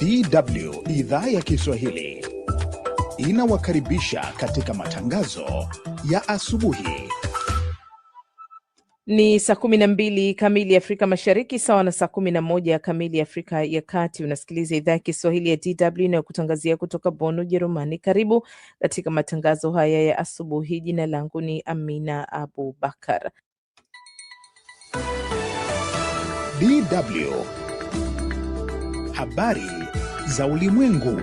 DW idhaa ya Kiswahili inawakaribisha katika matangazo ya asubuhi. Ni saa kumi na mbili kamili Afrika Mashariki, sawa na saa kumi na moja kamili Afrika ya Kati. Unasikiliza idhaa ya Kiswahili ya DW inayokutangazia kutoka Bonn, Ujerumani. Karibu katika matangazo haya ya asubuhi. Jina langu ni Amina Abubakar. DW habari za ulimwengu.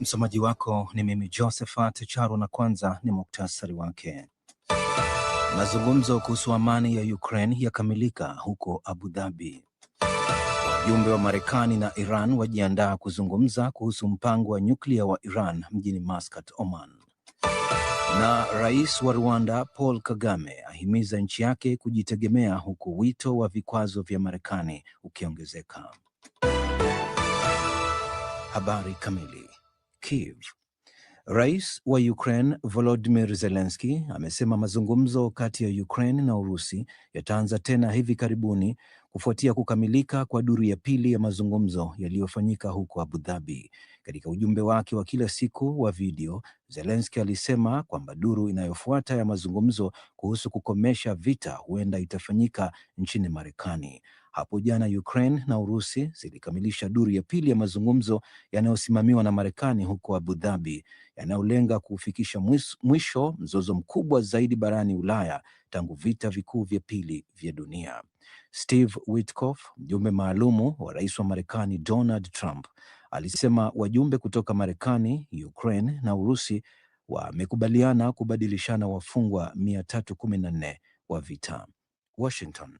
Msomaji wako ni mimi Josephat Charo, na kwanza ni muktasari wake. Mazungumzo kuhusu amani ya Ukraine yakamilika huko Abu Dhabi. Wajumbe wa Marekani na Iran wajiandaa kuzungumza kuhusu mpango wa nyuklia wa Iran mjini Muscat, Oman. Na rais wa Rwanda Paul Kagame ahimiza nchi yake kujitegemea huku wito wa vikwazo vya Marekani ukiongezeka. Habari kamili. Kiev. Rais wa Ukraine Volodymyr Zelensky amesema mazungumzo kati ya Ukraine na Urusi yataanza tena hivi karibuni kufuatia kukamilika kwa duru ya pili ya mazungumzo yaliyofanyika huko Abu Dhabi. Katika ujumbe wake wa kila siku wa video, Zelensky alisema kwamba duru inayofuata ya mazungumzo kuhusu kukomesha vita huenda itafanyika nchini Marekani. Hapo jana Ukraine na Urusi zilikamilisha duru ya pili ya mazungumzo yanayosimamiwa na Marekani huko Abu Dhabi, yanayolenga kuufikisha mwisho mzozo mkubwa zaidi barani Ulaya tangu vita vikuu vya pili vya dunia. Steve Witkoff, mjumbe maalumu wa rais wa Marekani Donald Trump, alisema wajumbe kutoka Marekani, Ukraine na Urusi wamekubaliana kubadilishana wafungwa 314 wa vita. Washington.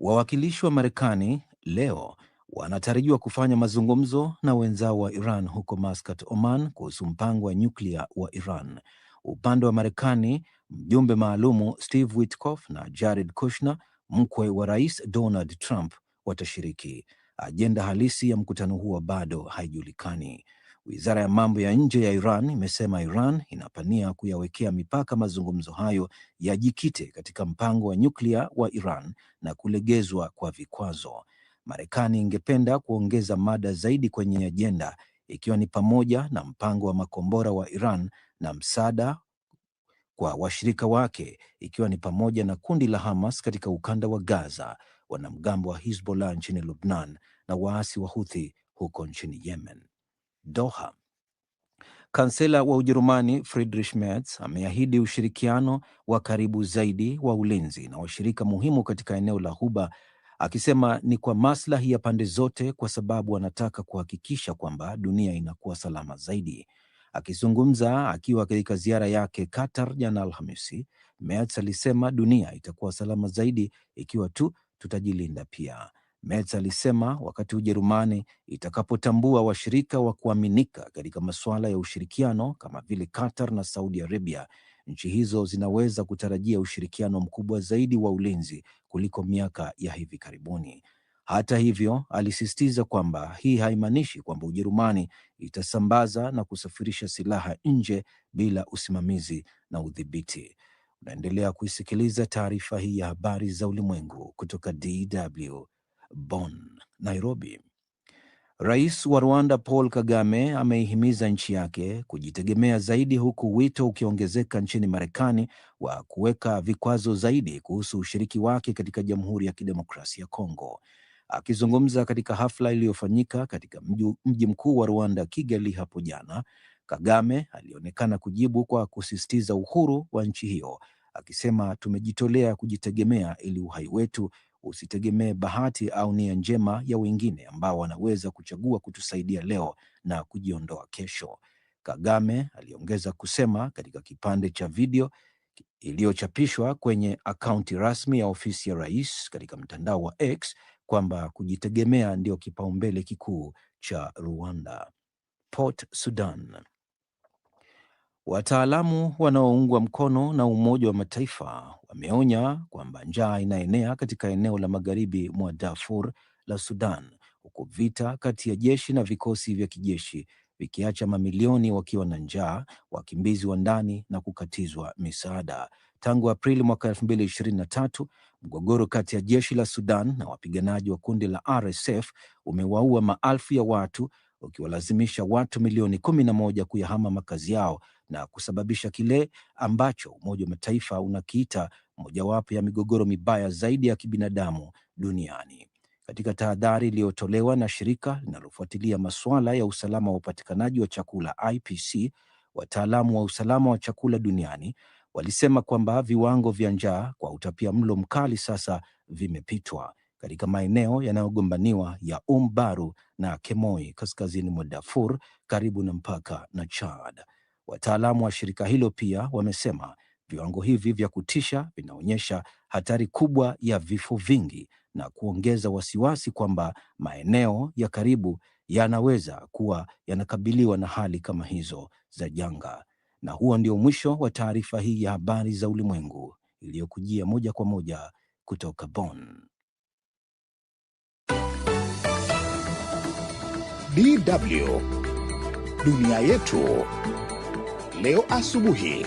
Wawakilishi wa Marekani leo wanatarajiwa kufanya mazungumzo na wenzao wa Iran huko Muscat, Oman, kuhusu mpango wa nyuklia wa Iran. Upande wa Marekani, mjumbe maalumu Steve Witkoff na Jared Kushner, mkwe wa Rais Donald Trump, watashiriki. Ajenda halisi ya mkutano huo bado haijulikani. Wizara ya mambo ya nje ya Iran imesema Iran inapania kuyawekea mipaka mazungumzo hayo yajikite katika mpango wa nyuklia wa Iran na kulegezwa kwa vikwazo. Marekani ingependa kuongeza mada zaidi kwenye ajenda, ikiwa ni pamoja na mpango wa makombora wa Iran na msaada kwa washirika wake, ikiwa ni pamoja na kundi la Hamas katika ukanda wa Gaza, wanamgambo wa Hizbollah nchini lubnan na waasi wa huthi huko nchini Yemen. Doha. Kansela wa Ujerumani Friedrich Merz ameahidi ushirikiano wa karibu zaidi wa ulinzi na washirika muhimu katika eneo la Ghuba, akisema ni kwa maslahi ya pande zote, kwa sababu anataka kuhakikisha kwamba dunia inakuwa salama zaidi. Akizungumza akiwa katika ziara yake Qatar jana Alhamisi, Merz alisema dunia itakuwa salama zaidi ikiwa tu tutajilinda pia. Merz alisema wakati Ujerumani itakapotambua washirika wa kuaminika katika masuala ya ushirikiano kama vile Qatar na Saudi Arabia, nchi hizo zinaweza kutarajia ushirikiano mkubwa zaidi wa ulinzi kuliko miaka ya hivi karibuni. Hata hivyo, alisisitiza kwamba hii haimaanishi kwamba Ujerumani itasambaza na kusafirisha silaha nje bila usimamizi na udhibiti. Unaendelea kuisikiliza taarifa hii ya habari za ulimwengu kutoka DW Bonn, Nairobi. Rais wa Rwanda Paul Kagame ameihimiza nchi yake kujitegemea zaidi huku wito ukiongezeka nchini Marekani wa kuweka vikwazo zaidi kuhusu ushiriki wake katika Jamhuri ya Kidemokrasia ya Kongo. Akizungumza katika hafla iliyofanyika katika mji mkuu wa Rwanda, Kigali, hapo jana, Kagame alionekana kujibu kwa kusisitiza uhuru wa nchi hiyo, akisema tumejitolea kujitegemea ili uhai wetu Usitegemee bahati au nia njema ya wengine ambao wanaweza kuchagua kutusaidia leo na kujiondoa kesho. Kagame aliongeza kusema katika kipande cha video iliyochapishwa kwenye akaunti rasmi ya ofisi ya rais katika mtandao wa X kwamba kujitegemea ndio kipaumbele kikuu cha Rwanda. Port Sudan Wataalamu wanaoungwa mkono na Umoja wa Mataifa wameonya kwamba njaa inaenea katika eneo la magharibi mwa Darfur la Sudan, huku vita kati ya jeshi na vikosi vya kijeshi vikiacha mamilioni wakiwa na njaa, wakimbizi wa ndani na kukatizwa misaada. Tangu Aprili mwaka 2023 mgogoro kati ya jeshi la Sudan na wapiganaji wa kundi la RSF umewaua maelfu ya watu ukiwalazimisha watu milioni kumi na moja kuyahama makazi yao na kusababisha kile ambacho Umoja wa Mataifa unakiita mojawapo ya migogoro mibaya zaidi ya kibinadamu duniani. Katika tahadhari iliyotolewa na shirika linalofuatilia masuala ya usalama wa upatikanaji wa chakula IPC, wataalamu wa usalama wa chakula duniani walisema kwamba viwango vya njaa kwa utapia mlo mkali sasa vimepitwa katika maeneo yanayogombaniwa ya Umbaru na Kemoi kaskazini mwa Darfur karibu na mpaka na Chad. Wataalamu wa shirika hilo pia wamesema viwango hivi vya kutisha vinaonyesha hatari kubwa ya vifo vingi na kuongeza wasiwasi kwamba maeneo ya karibu yanaweza kuwa yanakabiliwa na hali kama hizo za janga. Na huo ndio mwisho wa taarifa hii ya habari za ulimwengu iliyokujia moja kwa moja kutoka Bonn. DW Dunia Yetu leo asubuhi.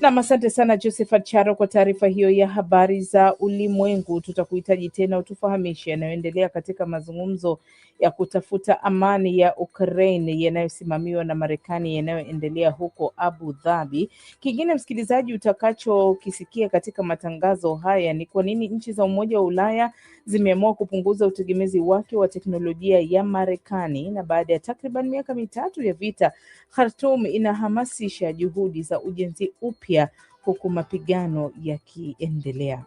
Nam, asante sana Josephat Charo kwa taarifa hiyo ya habari za ulimwengu. Tutakuhitaji tena utufahamishi yanayoendelea katika mazungumzo ya kutafuta amani ya Ukraine yanayosimamiwa na Marekani yanayoendelea huko Abu Dhabi. Kingine msikilizaji, utakachokisikia katika matangazo haya ni kwa nini nchi za Umoja wa Ulaya zimeamua kupunguza utegemezi wake wa teknolojia ya Marekani, na baada ya takriban miaka mitatu ya vita, Khartoum inahamasisha juhudi za ujenzi upya huku mapigano yakiendelea.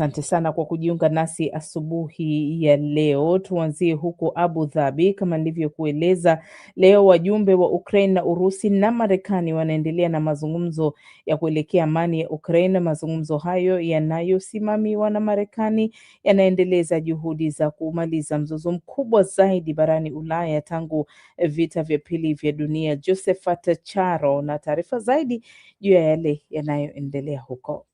Asante sana kwa kujiunga nasi asubuhi ya leo. Tuanzie huko Abu Dhabi. Kama nilivyokueleza, leo wajumbe wa Ukraine na Urusi na Marekani wanaendelea na mazungumzo ya kuelekea amani ya Ukraine. Mazungumzo hayo yanayosimamiwa na Marekani yanaendeleza juhudi za kumaliza mzozo mkubwa zaidi barani Ulaya tangu vita vya pili vya dunia. Josephat Charo na taarifa zaidi juu ya yale yanayoendelea huko.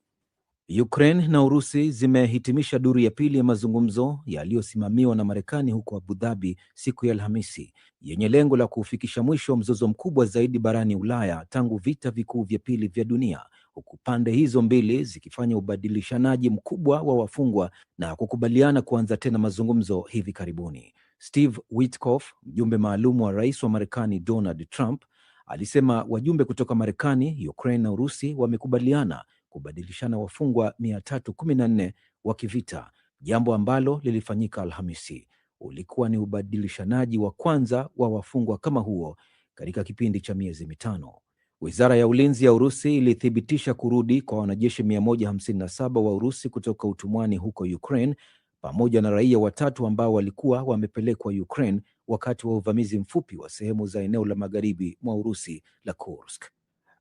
Ukraine na Urusi zimehitimisha duru ya pili ya mazungumzo yaliyosimamiwa na Marekani huko Abu Dhabi siku ya Alhamisi, yenye lengo la kuufikisha mwisho wa mzozo mkubwa zaidi barani Ulaya tangu vita vikuu vya pili vya dunia, huku pande hizo mbili zikifanya ubadilishanaji mkubwa wa wafungwa na kukubaliana kuanza tena mazungumzo hivi karibuni. Steve Witkoff, mjumbe maalum wa rais wa Marekani Donald Trump, alisema wajumbe kutoka Marekani, Ukraine na Urusi wamekubaliana kubadilishana wafungwa 314 wa kivita, jambo ambalo lilifanyika Alhamisi. Ulikuwa ni ubadilishanaji wa kwanza wa wafungwa kama huo katika kipindi cha miezi mitano. Wizara ya ulinzi ya Urusi ilithibitisha kurudi kwa wanajeshi 157 wa Urusi kutoka utumwani huko Ukraine pamoja na raia watatu ambao walikuwa wamepelekwa Ukraine wakati wa uvamizi mfupi wa sehemu za eneo la magharibi mwa Urusi la Kursk.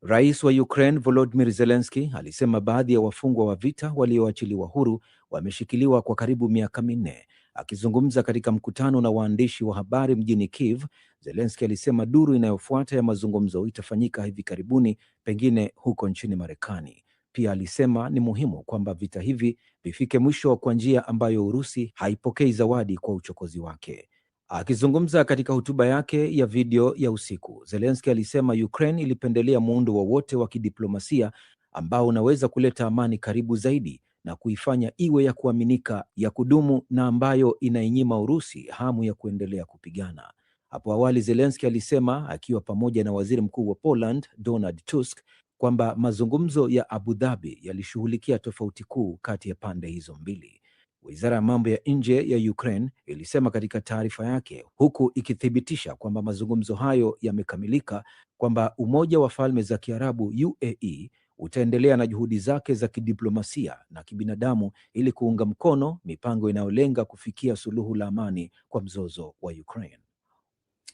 Rais wa Ukraine Volodymyr Zelensky alisema baadhi ya wafungwa wa vita walioachiliwa huru wameshikiliwa kwa karibu miaka minne. Akizungumza katika mkutano na waandishi wa habari mjini Kiev, Zelensky alisema duru inayofuata ya mazungumzo itafanyika hivi karibuni, pengine huko nchini Marekani. Pia alisema ni muhimu kwamba vita hivi vifike mwisho kwa njia ambayo Urusi haipokei zawadi kwa uchokozi wake. Akizungumza katika hotuba yake ya video ya usiku, Zelensky alisema Ukraine ilipendelea muundo wowote wa, wa kidiplomasia ambao unaweza kuleta amani karibu zaidi na kuifanya iwe ya kuaminika, ya kudumu na ambayo inainyima Urusi hamu ya kuendelea kupigana. Hapo awali Zelensky alisema akiwa pamoja na Waziri Mkuu wa Poland Donald Tusk kwamba mazungumzo ya Abu Dhabi yalishughulikia tofauti kuu kati ya pande hizo mbili wizara ya mambo ya nje ya Ukraine ilisema katika taarifa yake, huku ikithibitisha kwamba mazungumzo hayo yamekamilika, kwamba Umoja wa Falme za Kiarabu UAE utaendelea na juhudi zake za kidiplomasia na kibinadamu ili kuunga mkono mipango inayolenga kufikia suluhu la amani kwa mzozo wa Ukraine.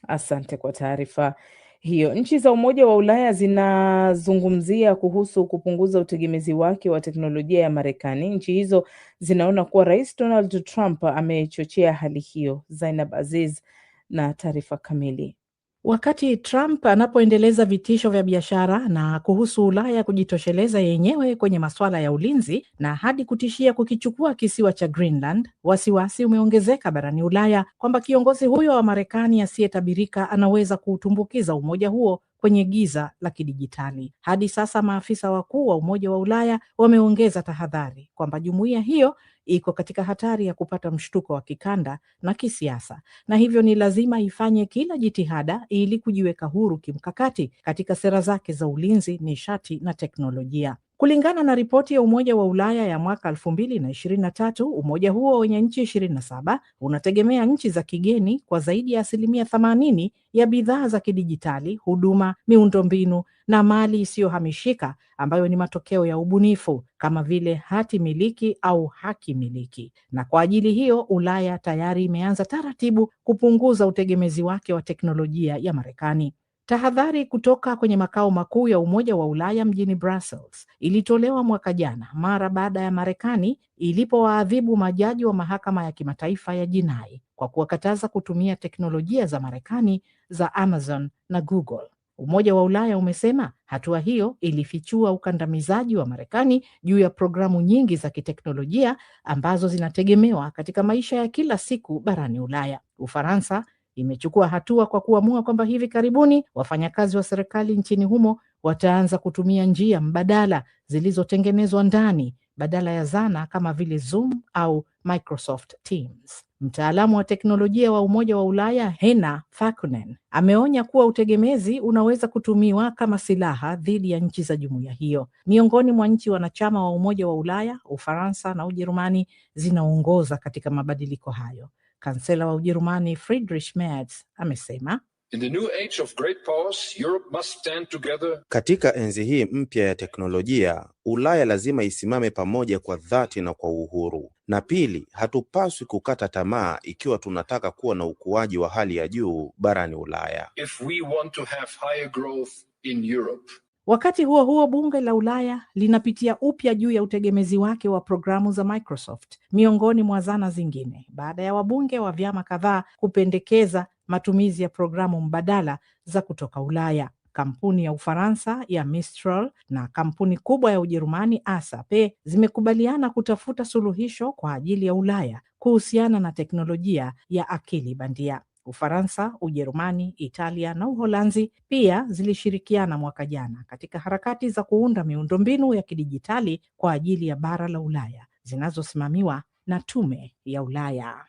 Asante kwa taarifa hiyo. Nchi za Umoja wa Ulaya zinazungumzia kuhusu kupunguza utegemezi wake wa teknolojia ya Marekani. Nchi hizo zinaona kuwa Rais Donald Trump amechochea hali hiyo. Zainab Aziz na taarifa kamili. Wakati Trump anapoendeleza vitisho vya biashara na kuhusu Ulaya kujitosheleza yenyewe kwenye masuala ya ulinzi na hadi kutishia kukichukua kisiwa cha Greenland, wasiwasi umeongezeka barani Ulaya kwamba kiongozi huyo wa Marekani asiyetabirika anaweza kuutumbukiza umoja huo kwenye giza la kidijitali. Hadi sasa maafisa wakuu wa Umoja wa Ulaya wameongeza tahadhari kwamba jumuiya hiyo iko katika hatari ya kupata mshtuko wa kikanda na kisiasa, na hivyo ni lazima ifanye kila jitihada ili kujiweka huru kimkakati katika sera zake za ulinzi, nishati na teknolojia. Kulingana na ripoti ya Umoja wa Ulaya ya mwaka elfu mbili na na ishirini tatu umoja huo wenye nchi ishirini na saba unategemea nchi za kigeni kwa zaidi ya asilimia themanini ya bidhaa za kidijitali, huduma, miundombinu na mali isiyohamishika ambayo ni matokeo ya ubunifu kama vile hati miliki au haki miliki. Na kwa ajili hiyo, Ulaya tayari imeanza taratibu kupunguza utegemezi wake wa teknolojia ya Marekani. Tahadhari kutoka kwenye makao makuu ya Umoja wa Ulaya mjini Brussels ilitolewa mwaka jana mara baada ya Marekani ilipowaadhibu majaji wa Mahakama ya Kimataifa ya Jinai kwa kuwakataza kutumia teknolojia za Marekani za Amazon na Google. Umoja wa Ulaya umesema hatua hiyo ilifichua ukandamizaji wa Marekani juu ya programu nyingi za kiteknolojia ambazo zinategemewa katika maisha ya kila siku barani Ulaya. Ufaransa imechukua hatua kwa kuamua kwamba hivi karibuni wafanyakazi wa serikali nchini humo wataanza kutumia njia mbadala zilizotengenezwa ndani badala ya zana kama vile Zoom au Microsoft Teams. Mtaalamu wa teknolojia wa Umoja wa Ulaya Hena Fakunen ameonya kuwa utegemezi unaweza kutumiwa kama silaha dhidi ya nchi za jumuiya hiyo. Miongoni mwa nchi wanachama wa Umoja wa Ulaya, Ufaransa na Ujerumani zinaongoza katika mabadiliko hayo. Kansela wa Ujerumani Friedrich Merz amesema In the new age of great powers, Europe must stand together. Katika enzi hii mpya ya teknolojia, Ulaya lazima isimame pamoja kwa dhati na kwa uhuru. Na pili, hatupaswi kukata tamaa ikiwa tunataka kuwa na ukuaji wa hali ya juu barani Ulaya. If we want to have higher growth in Europe. Wakati huo huo, bunge la Ulaya linapitia upya juu ya utegemezi wake wa programu za Microsoft miongoni mwa zana zingine, baada ya wabunge wa vyama kadhaa kupendekeza matumizi ya programu mbadala za kutoka Ulaya. Kampuni ya Ufaransa ya Mistral na kampuni kubwa ya Ujerumani ASAP zimekubaliana kutafuta suluhisho kwa ajili ya Ulaya kuhusiana na teknolojia ya akili bandia. Ufaransa, Ujerumani, Italia na Uholanzi pia zilishirikiana mwaka jana katika harakati za kuunda miundombinu ya kidijitali kwa ajili ya bara la Ulaya zinazosimamiwa na Tume ya Ulaya.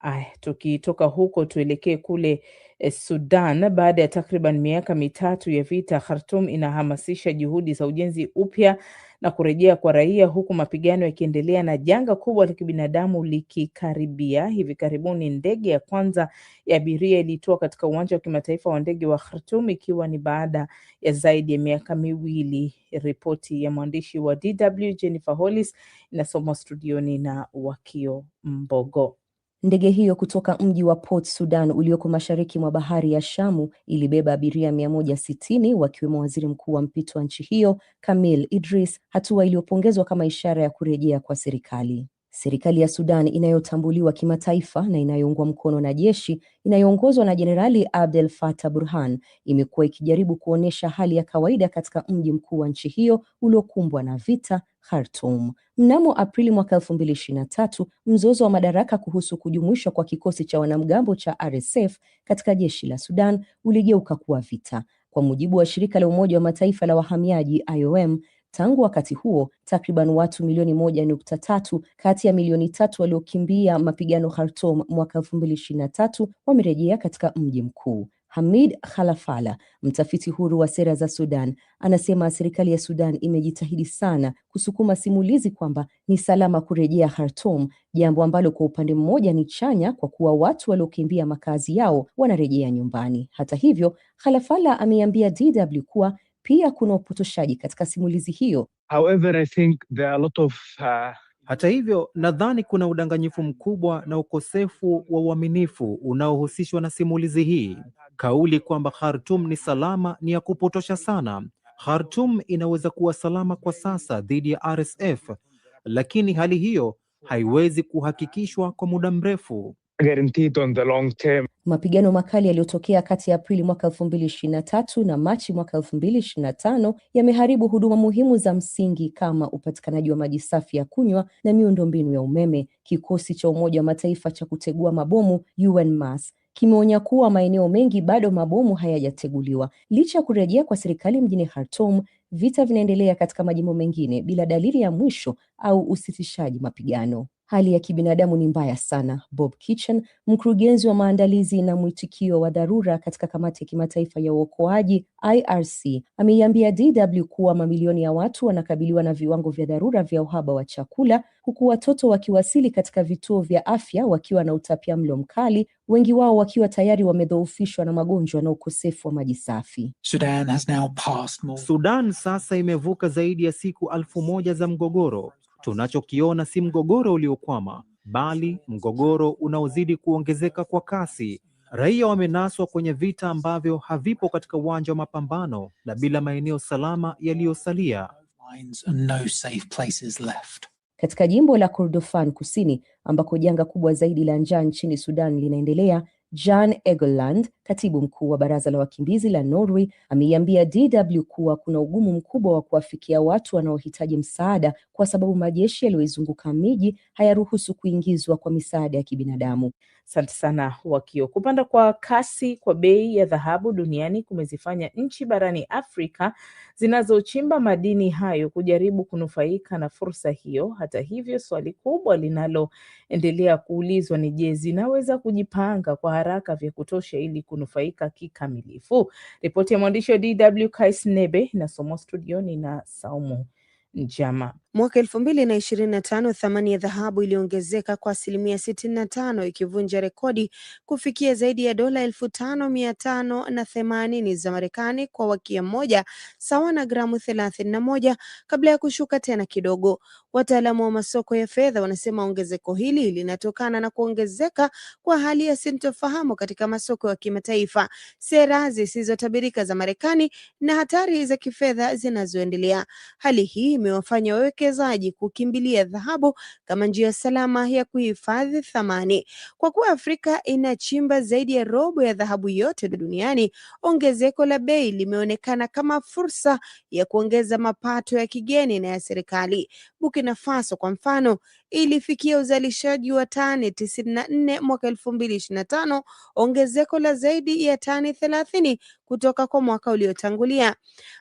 Ay, tukitoka huko tuelekee kule eh, Sudan. Baada ya takriban miaka mitatu ya vita, Khartoum inahamasisha juhudi za ujenzi upya na kurejea kwa raia, huku mapigano yakiendelea na janga kubwa la kibinadamu likikaribia. Hivi karibuni ndege ya kwanza ya abiria ilitoa katika uwanja wa kimataifa wa ndege wa Khartoum ikiwa ni baada ya zaidi ya miaka miwili. Ripoti ya mwandishi wa DW Jennifer Hollis inasomwa studioni na Wakio Mbogo. Ndege hiyo kutoka mji wa Port Sudan ulioko mashariki mwa bahari ya Shamu ilibeba abiria 160 wakiwemo waziri mkuu wa mpito wa nchi hiyo Kamil Idris, hatua iliyopongezwa kama ishara ya kurejea kwa serikali. Serikali ya Sudan inayotambuliwa kimataifa na inayoungwa mkono na jeshi inayoongozwa na Jenerali Abdel Fattah Burhan imekuwa ikijaribu kuonesha hali ya kawaida katika mji mkuu wa nchi hiyo uliokumbwa na vita Khartoum. Mnamo Aprili mwaka 2023, mzozo wa madaraka kuhusu kujumuishwa kwa kikosi cha wanamgambo cha RSF katika jeshi la Sudan uligeuka kuwa vita. Kwa mujibu wa shirika la Umoja wa Mataifa la wahamiaji IOM, tangu wakati huo takriban watu milioni moja nukta tatu kati ya milioni tatu waliokimbia mapigano Khartoum mwaka 2023 wamerejea katika mji mkuu. Hamid Khalafala, mtafiti huru wa sera za Sudan, anasema serikali ya Sudan imejitahidi sana kusukuma simulizi kwamba ni salama kurejea Khartoum, jambo ambalo kwa upande mmoja ni chanya kwa kuwa watu waliokimbia makazi yao wanarejea nyumbani. Hata hivyo, Khalafala ameambia DW kuwa pia kuna upotoshaji katika simulizi hiyo. However, I think there are a lot of, uh... Hata hivyo, nadhani kuna udanganyifu mkubwa na ukosefu wa uaminifu unaohusishwa na simulizi hii. Kauli kwamba Khartoum ni salama ni ya kupotosha sana. Khartoum inaweza kuwa salama kwa sasa dhidi ya RSF, lakini hali hiyo haiwezi kuhakikishwa kwa muda mrefu. Mapigano makali yaliyotokea kati ya Aprili mwaka elfu mbili ishirini na tatu na Machi mwaka elfu mbili ishirini na tano yameharibu huduma muhimu za msingi kama upatikanaji wa maji safi ya kunywa na miundombinu ya umeme. Kikosi cha Umoja wa Mataifa cha kutegua mabomu UNMAS kimeonya kuwa maeneo mengi bado mabomu hayajateguliwa. Licha ya kurejea kwa serikali mjini Khartoum, vita vinaendelea katika majimbo mengine bila dalili ya mwisho au usitishaji mapigano. Hali ya kibinadamu ni mbaya sana, Bob Kitchen, mkurugenzi wa maandalizi na mwitikio wa dharura katika kamati ya kimataifa ya uokoaji IRC, ameiambia DW kuwa mamilioni ya watu wanakabiliwa na viwango vya dharura vya uhaba wa chakula, huku watoto wakiwasili katika vituo vya afya wakiwa na utapia mlo mkali, wengi wao wakiwa tayari wamedhoofishwa na magonjwa na ukosefu wa maji safi. Sudan, Sudan sasa imevuka zaidi ya siku alfu moja za mgogoro Tunachokiona si mgogoro uliokwama, bali mgogoro unaozidi kuongezeka kwa kasi. Raia wamenaswa kwenye vita ambavyo havipo katika uwanja wa mapambano na bila maeneo salama yaliyosalia. Katika jimbo la Kordofan Kusini ambako janga kubwa zaidi la njaa nchini Sudan linaendelea, Jan Egeland, katibu mkuu wa baraza la wakimbizi la Norway, ameiambia DW kuwa kuna ugumu mkubwa wa kuwafikia watu wanaohitaji msaada kwa sababu majeshi yaliyoizunguka miji hayaruhusu kuingizwa kwa misaada ya kibinadamu. Asante sana Wakio. Kupanda kwa kasi kwa bei ya dhahabu duniani kumezifanya nchi barani Afrika zinazochimba madini hayo kujaribu kunufaika na fursa hiyo. Hata hivyo, swali kubwa linaloendelea kuulizwa ni je, zinaweza kujipanga kwa haraka vya kutosha ili kunufaika kikamilifu? Ripoti ya mwandishi wa DW Kais Nebe inasomwa studioni na Saumu njama. Mwaka elfu mbili na ishirini na tano thamani ya dhahabu iliongezeka kwa asilimia sitini na tano ikivunja rekodi kufikia zaidi ya dola elfu tano mia tano na themanini za Marekani kwa wakia moja sawa na gramu thelathini na moja kabla ya kushuka tena kidogo. Wataalamu wa masoko ya fedha wanasema ongezeko hili linatokana na kuongezeka kwa hali ya sintofahamu katika masoko ya kimataifa, sera zisizotabirika za Marekani na hatari za kifedha zinazoendelea. Hali hii imewafanya wawekezaji kukimbilia dhahabu kama njia salama ya kuhifadhi thamani. Kwa kuwa Afrika inachimba zaidi ya robo ya dhahabu yote duniani, ongezeko la bei limeonekana kama fursa ya kuongeza mapato ya kigeni na ya serikali. Bukina Burkina Faso kwa mfano ilifikia uzalishaji wa tani tisini na nne mwaka elfu mbili ishirini na tano ongezeko la zaidi ya tani thelathini kutoka kwa mwaka uliotangulia.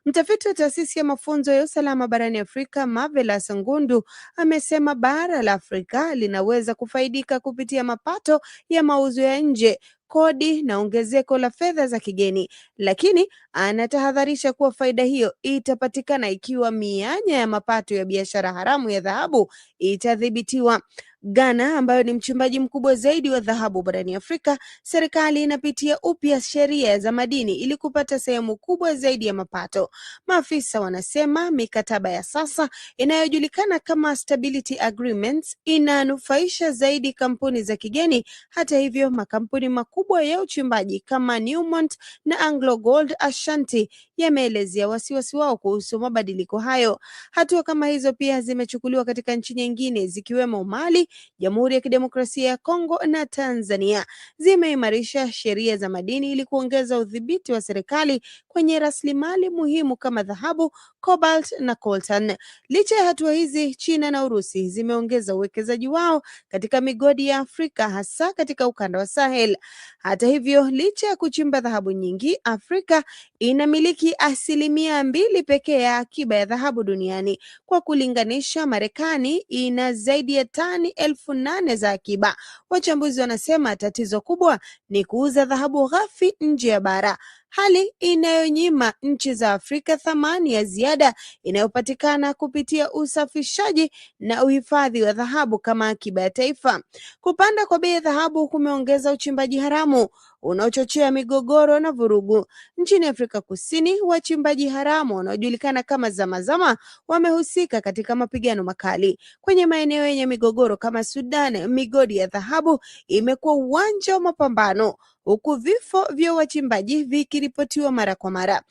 Mtafiti wa taasisi ya mafunzo ya usalama barani Afrika Marvelous Ngundu amesema bara la Afrika linaweza kufaidika kupitia mapato ya mauzo ya nje kodi na ongezeko la fedha za kigeni, lakini anatahadharisha kuwa faida hiyo itapatikana ikiwa mianya ya mapato ya biashara haramu ya dhahabu itadhibitiwa. Ghana ambayo ni mchimbaji mkubwa zaidi wa dhahabu barani Afrika, serikali inapitia upya sheria za madini ili kupata sehemu kubwa zaidi ya mapato. Maafisa wanasema mikataba ya sasa inayojulikana kama Stability Agreements inanufaisha zaidi kampuni za kigeni. Hata hivyo, makampuni makubwa ya uchimbaji kama Newmont na AngloGold Ashanti yameelezea wasiwasi wao kuhusu mabadiliko hayo. Hatua kama hizo pia zimechukuliwa katika nchi nyingine zikiwemo Mali Jamhuri ya Kidemokrasia ya Kongo na Tanzania zimeimarisha sheria za madini ili kuongeza udhibiti wa serikali kwenye rasilimali muhimu kama dhahabu, cobalt na coltan. Licha ya hatua hizi, China na Urusi zimeongeza uwekezaji wao katika migodi ya Afrika, hasa katika ukanda wa Sahel. Hata hivyo, licha ya kuchimba dhahabu nyingi, Afrika inamiliki asilimia mbili pekee ya akiba ya dhahabu duniani. Kwa kulinganisha, Marekani ina zaidi ya tani elfu nane za akiba. Wachambuzi wanasema tatizo kubwa ni kuuza dhahabu ghafi nje ya bara hali inayonyima nchi za Afrika thamani ya ziada inayopatikana kupitia usafishaji na uhifadhi wa dhahabu kama akiba ya taifa. Kupanda kwa bei ya dhahabu kumeongeza uchimbaji haramu unaochochea migogoro na vurugu. Nchini Afrika Kusini, wachimbaji haramu wanaojulikana kama zamazama wamehusika katika mapigano makali kwenye maeneo yenye migogoro kama Sudan. Migodi ya dhahabu imekuwa uwanja wa mapambano huku vifo vya wachimbaji vikiripotiwa mara kwa mara.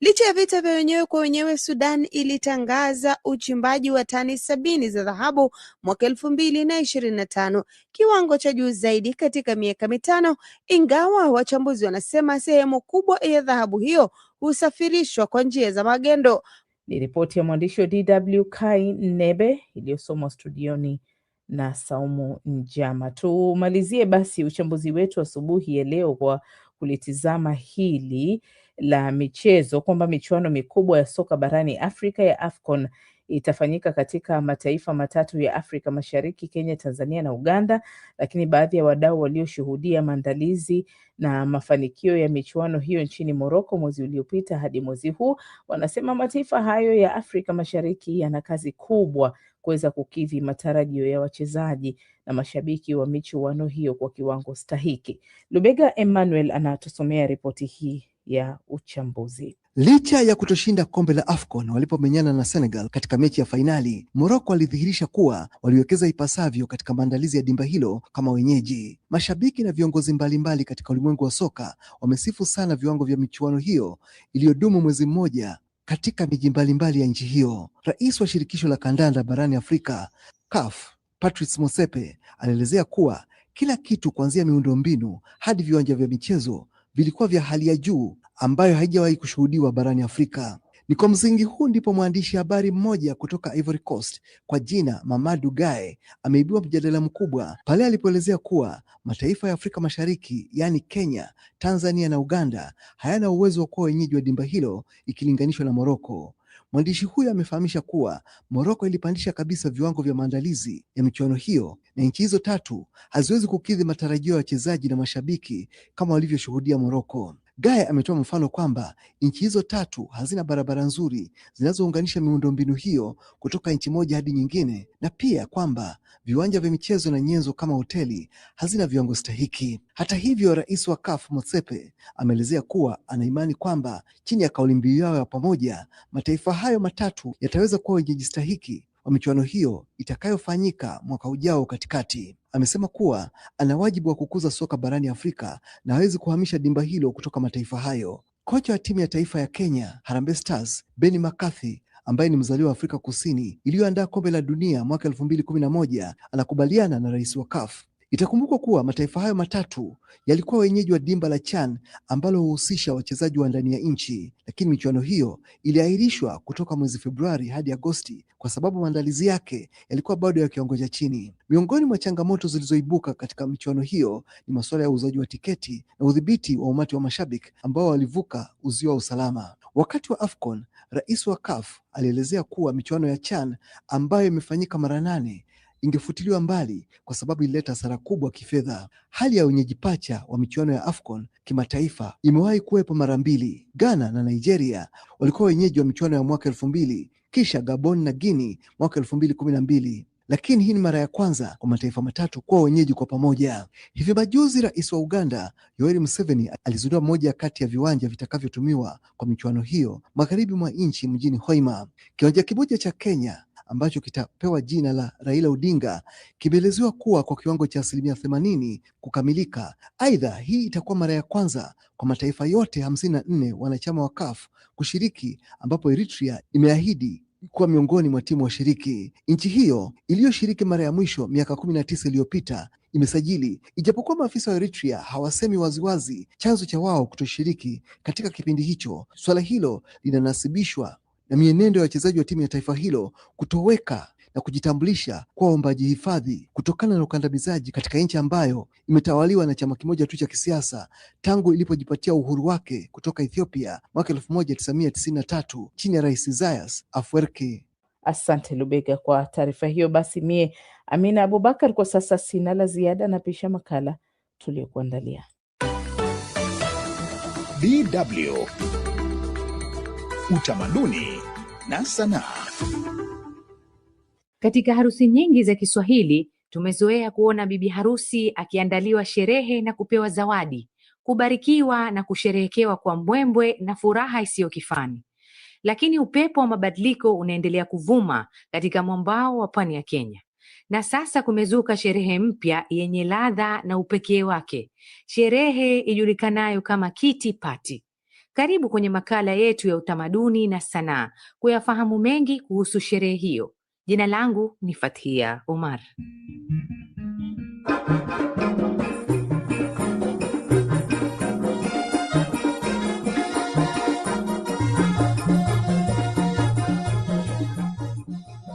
Licha ya vita vya wenyewe kwa wenyewe, Sudan ilitangaza uchimbaji wa tani sabini za dhahabu mwaka elfu mbili na ishirini na tano kiwango cha juu zaidi katika miaka mitano, ingawa wachambuzi wanasema sehemu kubwa ya dhahabu hiyo husafirishwa kwa njia za magendo. Ni ripoti ya mwandishi wa DW Kai Nebe iliyosomwa studioni na Saumu Njama. Tumalizie basi uchambuzi wetu asubuhi ya leo kwa kulitizama hili la michezo kwamba michuano mikubwa ya soka barani Afrika ya AFCON itafanyika katika mataifa matatu ya Afrika Mashariki, Kenya, Tanzania na Uganda. Lakini baadhi ya wadau walioshuhudia maandalizi na mafanikio ya michuano hiyo nchini Moroko mwezi uliopita hadi mwezi huu wanasema mataifa hayo ya Afrika Mashariki yana kazi kubwa kuweza kukidhi matarajio ya wachezaji na mashabiki wa michuano hiyo kwa kiwango stahiki. Lubega Emmanuel anatusomea ripoti hii ya uchambuzi. Licha ya kutoshinda kombe la AFCON walipomenyana na Senegal katika mechi ya fainali, Morocco walidhihirisha kuwa waliwekeza ipasavyo katika maandalizi ya dimba hilo kama wenyeji. Mashabiki na viongozi mbalimbali mbali katika ulimwengu wa soka wamesifu sana viwango vya michuano hiyo iliyodumu mwezi mmoja katika miji mbalimbali ya nchi hiyo. Rais wa shirikisho la kandanda barani Afrika CAF, Patrice Motsepe alielezea kuwa kila kitu kuanzia miundombinu hadi viwanja vya michezo vilikuwa vya hali ya juu ambayo haijawahi kushuhudiwa barani Afrika. Ni kwa msingi huu ndipo mwandishi habari mmoja kutoka Ivory Coast kwa jina mamadu Gaye ameibua mjadala mkubwa pale alipoelezea kuwa mataifa ya Afrika Mashariki yaani Kenya, Tanzania na Uganda hayana uwezo wa kuwa wenyeji wa dimba hilo ikilinganishwa na Moroko. Mwandishi huyo amefahamisha kuwa Moroko ilipandisha kabisa viwango vya maandalizi ya michuano hiyo na nchi hizo tatu haziwezi kukidhi matarajio ya wachezaji na mashabiki kama walivyoshuhudia Moroko. Gaya ametoa mfano kwamba nchi hizo tatu hazina barabara nzuri zinazounganisha miundombinu hiyo kutoka nchi moja hadi nyingine, na pia kwamba viwanja vya michezo na nyenzo kama hoteli hazina viwango stahiki. Hata hivyo, rais wa CAF Motsepe ameelezea kuwa anaimani kwamba chini ya kauli mbiu yao ya pamoja, mataifa hayo matatu yataweza kuwa wenyeji stahiki wa michuano hiyo itakayofanyika mwaka ujao katikati. Amesema kuwa ana wajibu wa kukuza soka barani Afrika na hawezi kuhamisha dimba hilo kutoka mataifa hayo. Kocha wa timu ya taifa ya Kenya Harambee Stars Benni McCarthy ambaye ni mzaliwa wa Afrika Kusini iliyoandaa kombe la dunia mwaka elfu mbili kumi na moja anakubaliana na rais wa CAF Itakumbukwa kuwa mataifa hayo matatu yalikuwa wenyeji wa dimba la CHAN ambalo huhusisha wachezaji wa ndani ya nchi, lakini michuano hiyo iliahirishwa kutoka mwezi Februari hadi Agosti kwa sababu maandalizi yake yalikuwa bado ya kiwango cha chini. Miongoni mwa changamoto zilizoibuka katika michuano hiyo ni masuala ya uuzaji wa tiketi na udhibiti wa umati wa mashabiki ambao walivuka uzio wa usalama. Wakati wa AFCON, rais wa CAF alielezea kuwa michuano ya CHAN ambayo imefanyika mara nane ingefutiliwa mbali kwa sababu ilileta hasara kubwa kifedha. Hali ya wenyeji pacha wa michuano ya AFCON kimataifa imewahi kuwepo mara mbili. Ghana na Nigeria walikuwa wenyeji wa michuano ya mwaka elfu mbili kisha Gabon na guini mwaka elfu mbili kumi na mbili lakini hii ni mara ya kwanza kwa mataifa matatu kuwa wenyeji kwa pamoja. Hivi majuzi, rais wa Uganda Yoweri Museveni alizindua moja kati ya viwanja vitakavyotumiwa kwa michuano hiyo magharibi mwa nchi mjini Hoima. Kiwanja kimoja cha Kenya ambacho kitapewa jina la Raila Odinga kimeelezewa kuwa kwa kiwango cha asilimia themanini kukamilika. Aidha, hii itakuwa mara ya kwanza kwa mataifa yote hamsini na nne wanachama wa CAF kushiriki, ambapo Eritrea imeahidi kuwa miongoni mwa timu washiriki. Nchi hiyo iliyoshiriki mara ya mwisho miaka kumi na tisa iliyopita imesajili, ijapokuwa maafisa wa Eritrea hawasemi waziwazi chanzo cha wao kutoshiriki katika kipindi hicho. Suala hilo linanasibishwa na mienendo ya wachezaji wa timu ya taifa hilo kutoweka na kujitambulisha kwa waombaji hifadhi kutokana na ukandamizaji katika nchi ambayo imetawaliwa na chama kimoja tu cha kisiasa tangu ilipojipatia uhuru wake kutoka Ethiopia mwaka elfu moja tisa mia tisini na tatu chini ya Rais Isaias Afwerki. Asante Lubega kwa taarifa hiyo. Basi mie Amina Abubakar, kwa sasa sina la ziada, napisha makala tuliyokuandalia. DW utamaduni na sanaa. Katika harusi nyingi za Kiswahili tumezoea kuona bibi harusi akiandaliwa sherehe na kupewa zawadi, kubarikiwa na kusherehekewa kwa mbwembwe na furaha isiyo kifani. Lakini upepo wa mabadiliko unaendelea kuvuma katika mwambao wa pwani ya Kenya, na sasa kumezuka sherehe mpya yenye ladha na upekee wake, sherehe ijulikanayo kama kiti pati. Karibu kwenye makala yetu ya utamaduni na sanaa kuyafahamu mengi kuhusu sherehe hiyo. Jina langu ni Fathia Omar.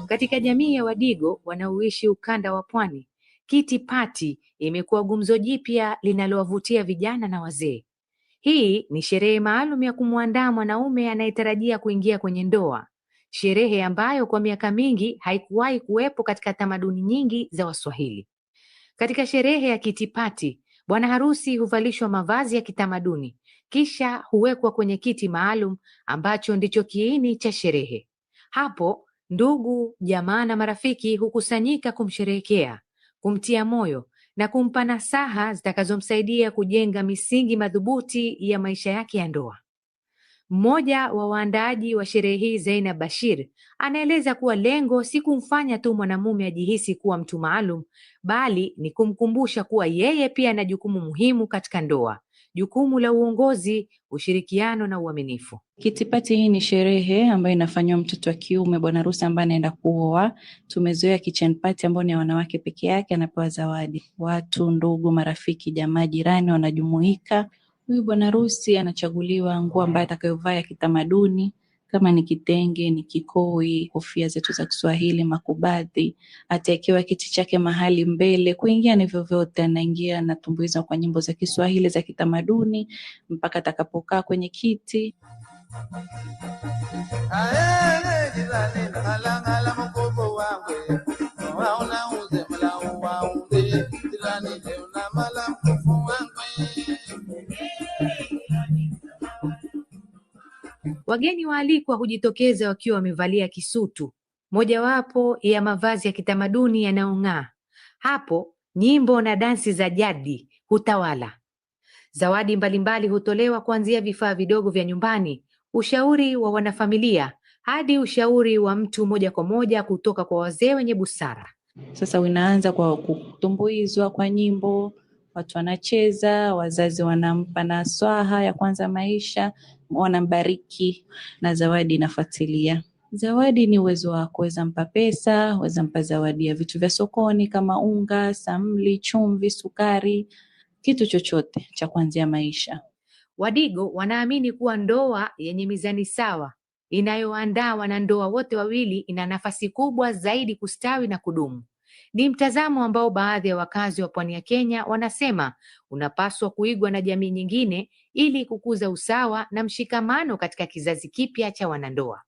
Katika jamii ya Wadigo wanaoishi ukanda wa pwani, kiti pati imekuwa gumzo jipya linalowavutia vijana na wazee. Hii ni sherehe maalum ya kumwandaa mwanaume anayetarajia kuingia kwenye ndoa, sherehe ambayo kwa miaka mingi haikuwahi kuwepo katika tamaduni nyingi za Waswahili. Katika sherehe ya kitipati, bwana harusi huvalishwa mavazi ya kitamaduni kisha huwekwa kwenye kiti maalum ambacho ndicho kiini cha sherehe. Hapo ndugu, jamaa na marafiki hukusanyika kumsherehekea, kumtia moyo na kumpa nasaha zitakazomsaidia kujenga misingi madhubuti ya maisha yake ya ndoa. Mmoja wa waandaaji wa sherehe hii, zeina Bashir, anaeleza kuwa lengo si kumfanya tu mwanamume ajihisi kuwa mtu maalum, bali ni kumkumbusha kuwa yeye pia ana jukumu muhimu katika ndoa, jukumu la uongozi, ushirikiano na uaminifu. Kitipati hii ni sherehe ambayo inafanyiwa mtoto wa kiume bwana harusi ambaye anaenda kuoa. Tumezoea kitchen party ambayo ni ya wanawake peke yake, anapewa zawadi. Watu, ndugu, marafiki, jamaa, jirani wanajumuika. Huyu bwana harusi anachaguliwa nguo ambayo atakayovaa ya kitamaduni kama ni kitenge, ni kikoi, kofia zetu za Kiswahili, makubadhi, ataekewa kiti chake mahali mbele. Kuingia ni vyovyote, anaingia anatumbuiza kwa nyimbo za Kiswahili za kitamaduni mpaka atakapokaa kwenye kiti. Wageni waalikwa hujitokeza wakiwa wamevalia kisutu, mojawapo ya mavazi ya kitamaduni yanayong'aa. Hapo nyimbo na dansi za jadi hutawala. Zawadi mbalimbali hutolewa kuanzia vifaa vidogo vya nyumbani, ushauri wa wanafamilia hadi ushauri wa mtu moja kwa moja kutoka kwa wazee wenye busara. Sasa unaanza kwa kutumbuizwa kwa nyimbo watu wanacheza, wazazi wanampa swaha ya kwanza maisha, wanambariki na zawadi inafuatilia. Zawadi ni uwezo wa kuweza mpa pesa, weza mpa zawadi ya vitu vya sokoni kama unga, samli, chumvi, sukari, kitu chochote cha kuanzia maisha. Wadigo wanaamini kuwa ndoa yenye mizani sawa inayoandaa wanandoa wote wawili ina nafasi kubwa zaidi kustawi na kudumu. Ni mtazamo ambao baadhi ya wakazi wa pwani ya Kenya wanasema unapaswa kuigwa na jamii nyingine ili kukuza usawa na mshikamano katika kizazi kipya cha wanandoa.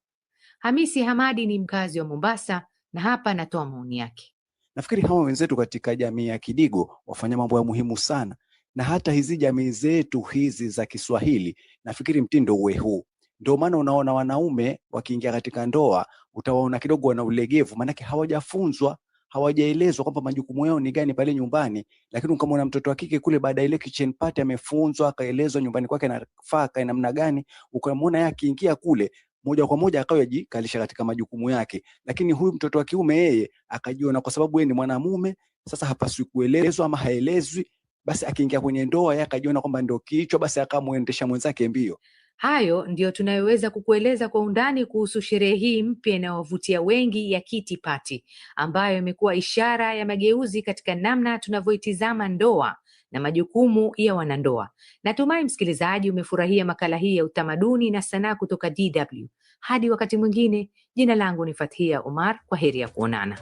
Hamisi Hamadi ni mkazi wa Mombasa na hapa anatoa maoni yake. Nafikiri hawa wenzetu katika jamii ya Kidigo wafanya mambo ya muhimu sana, na hata hizi jamii zetu hizi za Kiswahili, nafikiri mtindo uwe huu. Ndio maana unaona wanaume wakiingia katika ndoa utawaona kidogo wana ulegevu, maanake hawajafunzwa hawajaelezwa kwamba majukumu yao ni gani pale nyumbani, lakini ukamwona mtoto wa kike kule baada ya ile kitchen party amefunzwa, akaelezwa nyumbani kwake anafaa kae namna gani, ukamwona yeye akiingia kule moja kwa moja akawa yajikalisha katika majukumu yake. Lakini huyu mtoto wa kiume yeye akajiona kwa sababu yeye ni mwanamume, sasa hapaswi kuelezwa ama haelezwi. Basi akiingia kwenye ndoa yeye akajiona kwamba ndio kichwa, basi akamwendesha mwenzake mbio. Hayo ndiyo tunayoweza kukueleza kwa undani kuhusu sherehe hii mpya inayowavutia wengi ya Kiti Pati, ambayo imekuwa ishara ya mageuzi katika namna tunavyoitizama ndoa na majukumu ya wanandoa. Natumai msikilizaji umefurahia makala hii ya utamaduni na sanaa kutoka DW. Hadi wakati mwingine, jina langu ni Fathia Omar, kwa heri ya kuonana.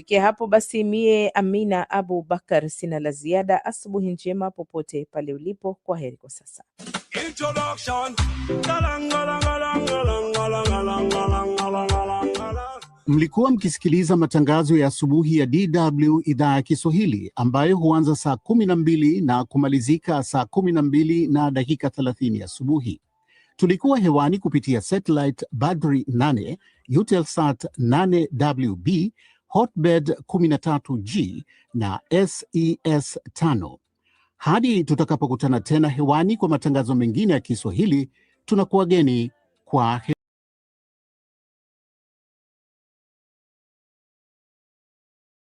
Kufikia hapo basi, mie Amina Abu Bakar sina la ziada. Asubuhi njema popote pale ulipo, kwa heri kwa sasa. Mlikuwa mkisikiliza matangazo ya asubuhi ya DW idhaa ya Kiswahili ambayo huanza saa kumi na kumalizika saa kumi na mbili na dakika 30 asubuhi. Tulikuwa hewani kupitia satellite Badri 8 Utelsat 8 WB Hotbed 13G na SES 5. E Hadi tutakapokutana tena hewani kwa matangazo mengine ya Kiswahili, tunakuwageni kwa